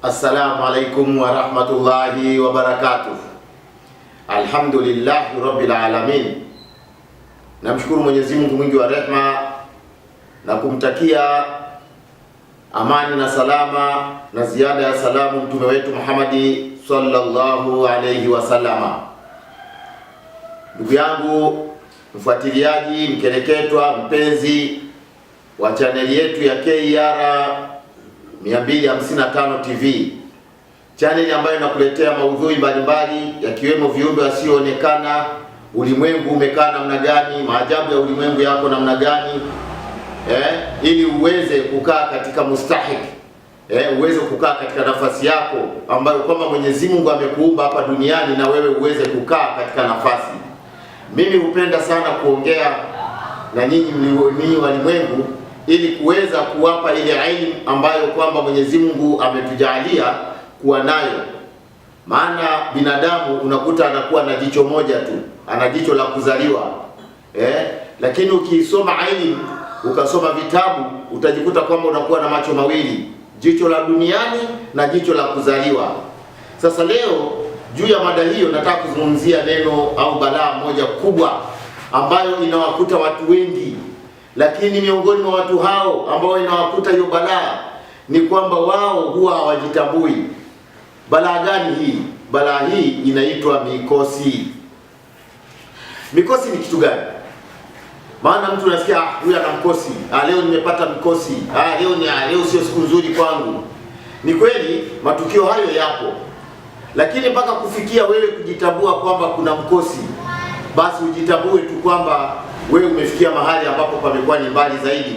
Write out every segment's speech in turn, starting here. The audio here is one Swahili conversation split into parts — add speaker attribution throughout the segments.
Speaker 1: Assalamu alaikum warahmatullahi wabarakatuh. Alhamdulillahi rabbil alamin, namshukuru Mwenyezi Mungu mwingi wa rehma na kumtakia amani na salama na ziada ya salamu mtume wetu Muhammadi sallallahu alayhi wasallama. Ndugu yangu mfuatiliaji, mkereketwa, mpenzi wa chaneli yetu ya KR e 255 TV, chaneli ambayo inakuletea maudhui mbalimbali yakiwemo viumbe wasioonekana, ulimwengu umekaa namna gani, maajabu ya ulimwengu yako namna gani, eh, ili uweze kukaa katika mustahiki eh, uweze kukaa katika nafasi yako ambayo kwamba Mwenyezi Mungu amekuumba hapa duniani na wewe uweze kukaa katika nafasi. Mimi hupenda sana kuongea na nyinyi walimwengu ili kuweza kuwapa ile elimu ambayo kwamba Mwenyezi Mungu ametujalia kuwa nayo. Maana binadamu unakuta anakuwa na jicho moja tu, ana jicho la kuzaliwa eh? Lakini ukiisoma elimu ukasoma vitabu utajikuta kwamba unakuwa na macho mawili, jicho la duniani na jicho la kuzaliwa. Sasa leo juu ya mada hiyo nataka kuzungumzia neno au balaa moja kubwa ambayo inawakuta watu wengi lakini miongoni mwa watu hao ambao inawakuta hiyo balaa ni kwamba wao huwa hawajitambui. Balaa gani hii? Balaa hii inaitwa mikosi. Mikosi ni kitu gani? Maana mtu unasikia ah, huyu ana mkosi ah, leo nimepata mkosi ah, leo ni ah, leo sio siku nzuri kwangu. Ni kweli matukio hayo yapo, lakini mpaka kufikia wewe kujitambua kwamba kuna mkosi, basi ujitambue tu kwamba wewe umefikia mahali ambapo pamekuwa ni mbali zaidi.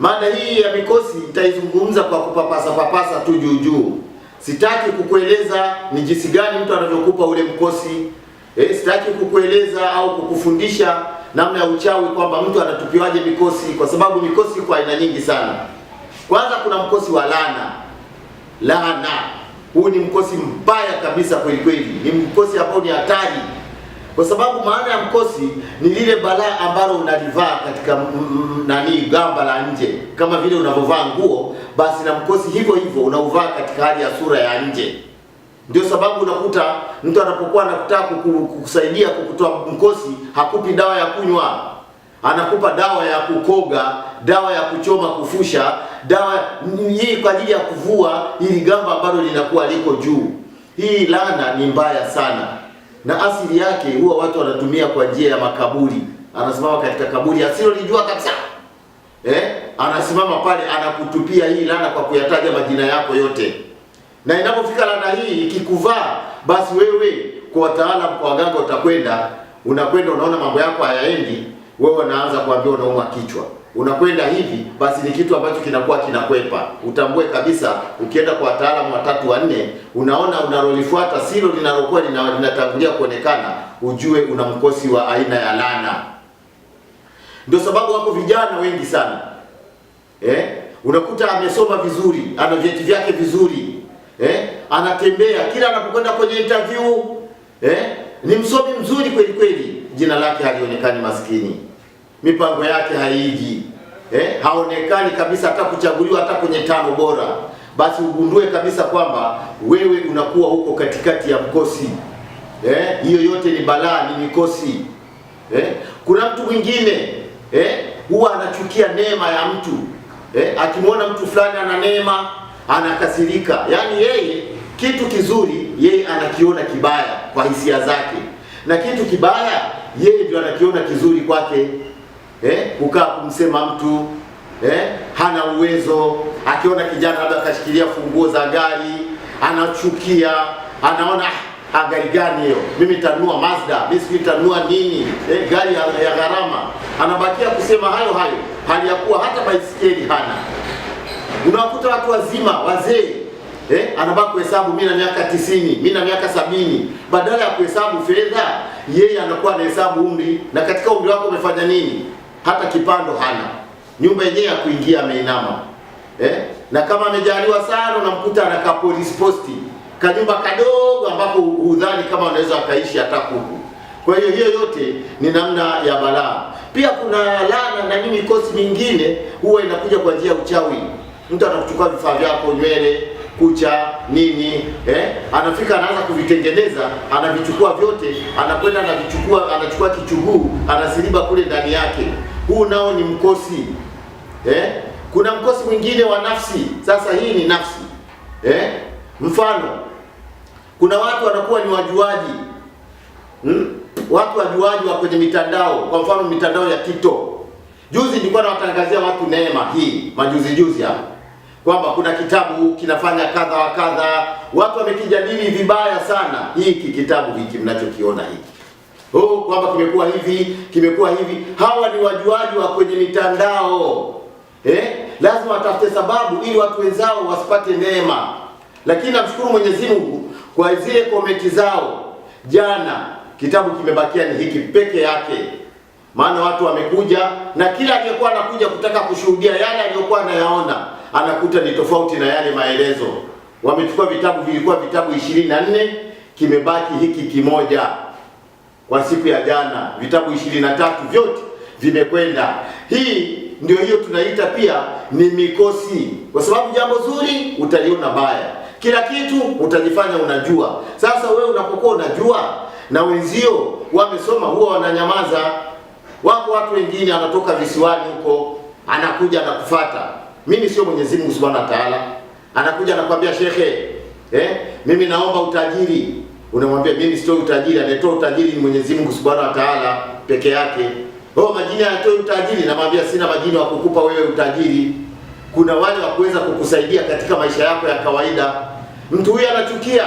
Speaker 1: Mada hii ya mikosi nitaizungumza kwa kupapasa papasa tu juu juu. Sitaki kukueleza ni jinsi gani mtu anavyokupa ule mkosi. eh, sitaki kukueleza au kukufundisha namna ya uchawi kwamba mtu anatupiwaje mikosi, kwa sababu mikosi kwa aina nyingi sana. Kwanza kuna mkosi wa laana. Laana huu ni mkosi mbaya kabisa kweli kweli, ni mkosi ambao ni hatari kwa sababu maana ya mkosi ni lile balaa ambalo unalivaa katika nani gamba la nje, kama vile unavyovaa nguo, basi na mkosi hivyo hivyo unauvaa katika hali ya sura ya nje. Ndio sababu unakuta mtu anapokuwa anakutaka kukusaidia kukutoa mkosi, hakupi dawa ya kunywa, anakupa dawa ya kukoga, dawa ya kuchoma, kufusha, dawa hii kwa ajili ya kuvua ili gamba ambalo linakuwa liko juu. Hii laana ni mbaya sana na asili yake huwa watu wanatumia kwa njia ya makaburi. Anasimama katika kaburi asilolijua kabisa eh? Anasimama pale anakutupia hii lana kwa kuyataja majina yako yote, na inapofika lana hii ikikuvaa, basi wewe kwa wataalamu, kwa waganga, utakwenda unakwenda unaona mambo yako hayaendi wewe unaanza kuambia unaumwa kichwa, unakwenda hivi, basi ni kitu ambacho kinakuwa kinakwepa. Utambue kabisa, ukienda kwa wataalamu watatu wanne, unaona unalolifuata silo linalokuwa linatangulia kuonekana, ujue una mkosi wa aina ya lana Ndio sababu wako vijana wengi sana eh? Unakuta amesoma vizuri, ana vyeti vyake vizuri eh? Anatembea kila anapokwenda kwenye interview eh? Ni msomi mzuri kweli kweli jina lake halionekani maskini, mipango yake haiji eh, haonekani kabisa, hata kuchaguliwa hata kwenye tano bora, basi ugundue kabisa kwamba wewe unakuwa huko katikati ya mkosi eh, hiyo yote ni balaa, ni mikosi eh. Kuna mtu mwingine eh, huwa anachukia neema ya mtu eh, akimwona mtu fulani ana neema anakasirika, yaani yeye kitu kizuri yeye anakiona kibaya kwa hisia zake na kitu kibaya yeye ndio anakiona kizuri kwake eh, kukaa kumsema mtu eh, hana uwezo. Akiona kijana labda akashikilia funguo za gari anachukia, anaona ah, ah gari gani hiyo, mimi tanua Mazda, mimi sijui tanua nini eh, gari ya, ya gharama. Anabakia kusema hayo hayo, hali ya kuwa hata baisikeli hana. Unawakuta watu wazima wazee Eh, anabaki kuhesabu mimi na miaka tisini, mimi na miaka sabini. Badala ya kuhesabu fedha, yeye anakuwa anahesabu umri, na katika umri wako umefanya nini? Hata kipando hana, nyumba yenyewe ya kuingia ameinama. Eh, na kama amejaliwa sana, unamkuta anakaa polisi posti, kanyumba kadogo ambapo hudhani kama anaweza akaishi hata kuku. Kwa hiyo hiyo yote ni namna ya balaa. Pia kuna laana na nini, mikosi mingine huwa inakuja kwa njia ya uchawi. Mtu anakuchukua vifaa vyako, nywele kucha nini eh? Anafika anaanza kuvitengeneza, anavichukua vyote, anakwenda anavichukua, anachukua kichuguu anasiliba kule ndani yake. Huu nao ni mkosi eh? Kuna mkosi mwingine wa nafsi. Sasa hii ni nafsi eh? Mfano, kuna watu wanakuwa ni wajuaji hmm? Watu wajuaji wa kwenye mitandao, kwa mfano mitandao ya TikTok. Juzi nilikuwa nawatangazia watu neema hii majuzi juzi hapa kwamba kuna kitabu kinafanya kadha wa kadha. Watu wamekijadili vibaya sana hiki kitabu hiki mnachokiona hiki oh, kwamba kimekuwa hivi kimekuwa hivi. Hawa ni wajuaji wa kwenye mitandao eh? Lazima watafute sababu ili watu wenzao wasipate neema, lakini namshukuru Mwenyezi Mungu kwa zile komenti zao jana, kitabu kimebakia ni hiki peke yake, maana watu wamekuja na kila aliyekuwa anakuja kutaka kushuhudia yale aliyokuwa anayaona anakuta ni tofauti na yale maelezo. Wamechukua vitabu, vilikuwa vitabu ishirini na nne, kimebaki hiki kimoja. Kwa siku ya jana vitabu ishirini na tatu vyote vimekwenda. Hii ndio hiyo tunaita pia ni mikosi, kwa sababu jambo zuri utaliona baya, kila kitu utajifanya unajua. Sasa wewe unapokuwa unajua na wenzio wamesoma, huwa wananyamaza. Wako watu wengine anatoka visiwani huko, anakuja anakufata mimi sio Mwenyezi Mungu Subhanahu wa Ta'ala. Anakuja anakuambia shekhe, eh, mimi naomba utajiri. Unamwambia mimi sitoi utajiri, anayetoa utajiri ni Mwenyezi Mungu Subhanahu wa Ta'ala peke yake. Oh, majini anatoa utajiri, namwambia sina majini wa kukupa wewe utajiri. Kuna wale wa kuweza kukusaidia katika maisha yako ya kawaida. Mtu huyu anachukia.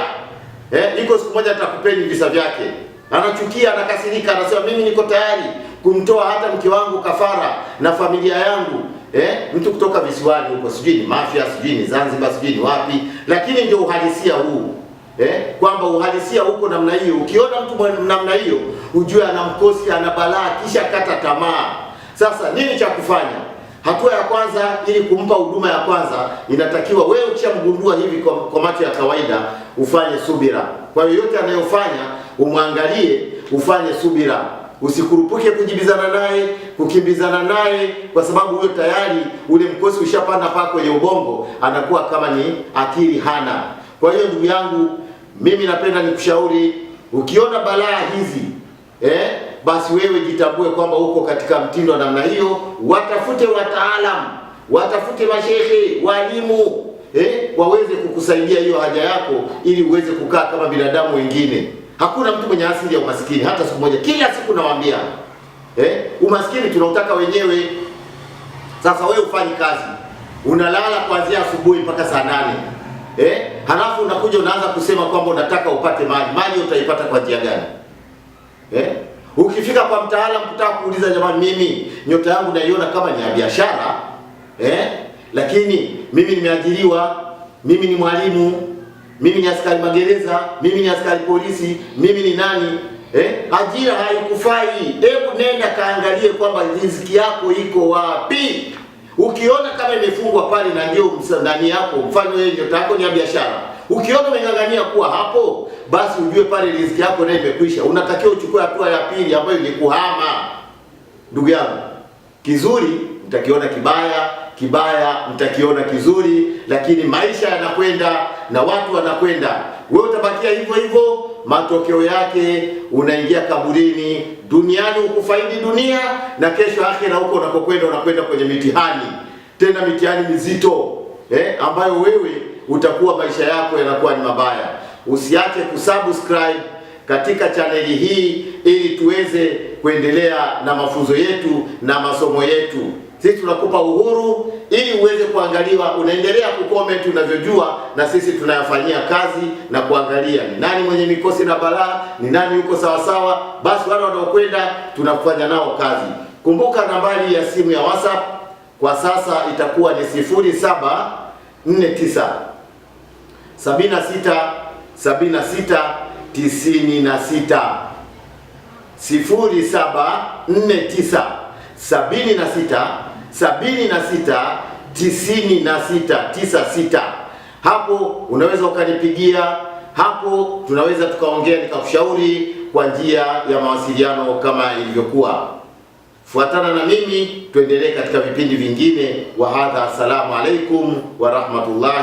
Speaker 1: Eh, iko siku moja atakupeni visa vyake. Anachukia, anakasirika, anasema mimi niko tayari kumtoa hata mke wangu kafara na familia yangu eh, mtu kutoka visiwani huko, sijui ni Mafia, sijui ni Zanzibar, sijui ni wapi, lakini ndio uhalisia huu eh, kwamba uhalisia huko namna hiyo. Ukiona mtu namna hiyo, ujue ana mkosi, ana balaa, kisha kata tamaa. Sasa nini cha kufanya? Hatua ya kwanza ili kumpa huduma ya kwanza, inatakiwa wewe ukishamgundua hivi kwa, kwa macho ya kawaida ufanye subira. Kwa yoyote anayofanya umwangalie, ufanye subira. Usikurupuke kujibizana naye, kukimbizana naye, kwa sababu huyo tayari ule mkosi ushapanda paa kwenye ubongo, anakuwa kama ni akili hana. Kwa hiyo ndugu yangu, mimi napenda nikushauri, ukiona balaa hizi eh, basi wewe jitambue kwamba uko katika mtindo wa namna hiyo. Watafute wataalamu, watafute mashehe, walimu eh, waweze kukusaidia hiyo haja yako, ili uweze kukaa kama binadamu wengine. Hakuna mtu mwenye asili ya umaskini hata siku moja. Kila siku nawaambia eh, umaskini tunautaka wenyewe. Sasa wewe ufanyi kazi, unalala kuanzia asubuhi mpaka saa nane eh, halafu unakuja unaanza kusema kwamba unataka upate mali. Mali utaipata kwa njia gani eh? Ukifika kwa mtaalamu kutaka kuuliza, jamani, mimi nyota yangu naiona kama ni ya biashara eh, lakini mimi nimeajiriwa, mimi ni mwalimu mimi ni askari magereza, mimi ni askari polisi, mimi ni nani eh? Ajira haikufai. Hebu nenda kaangalie kwamba riziki yako iko wapi. Ukiona kama imefungwa pale na ndio ndani yako, mfano wewe ndio tako ni biashara, ukiona umeng'ang'ania kuwa hapo, basi ujue pale riziki yako nayo imekwisha. Unatakiwa uchukue hatua ya pili ambayo ni kuhama. Ndugu yangu, kizuri mtakiona kibaya, kibaya mtakiona kizuri, lakini maisha yanakwenda na watu wanakwenda, wewe utabakia hivyo hivyo. Matokeo yake unaingia kaburini, duniani ukufaidi dunia, na kesho akhera huko unakokwenda, unakwenda kwenye mitihani, tena mitihani mizito eh, ambayo wewe utakuwa maisha yako yanakuwa ni mabaya. Usiache kusubscribe katika chaneli hii ili tuweze kuendelea na mafunzo yetu na masomo yetu. Sisi tunakupa uhuru ili uweze kuangaliwa, unaendelea kucomment unavyojua, na sisi tunayafanyia kazi na kuangalia ni nani mwenye mikosi na balaa, ni nani yuko sawasawa. Basi wale wanaokwenda tunafanya nao kazi. Kumbuka nambari ya simu ya WhatsApp kwa sasa itakuwa ni 0749 76 76 sabini na sita tisini na sita tisa sita. Hapo unaweza ukanipigia, hapo tunaweza tukaongea, nikakushauri kwa njia ya mawasiliano kama ilivyokuwa. Fuatana na mimi tuendelee katika vipindi vingine. Wa hadha, assalamu alaikum wa rahmatullahi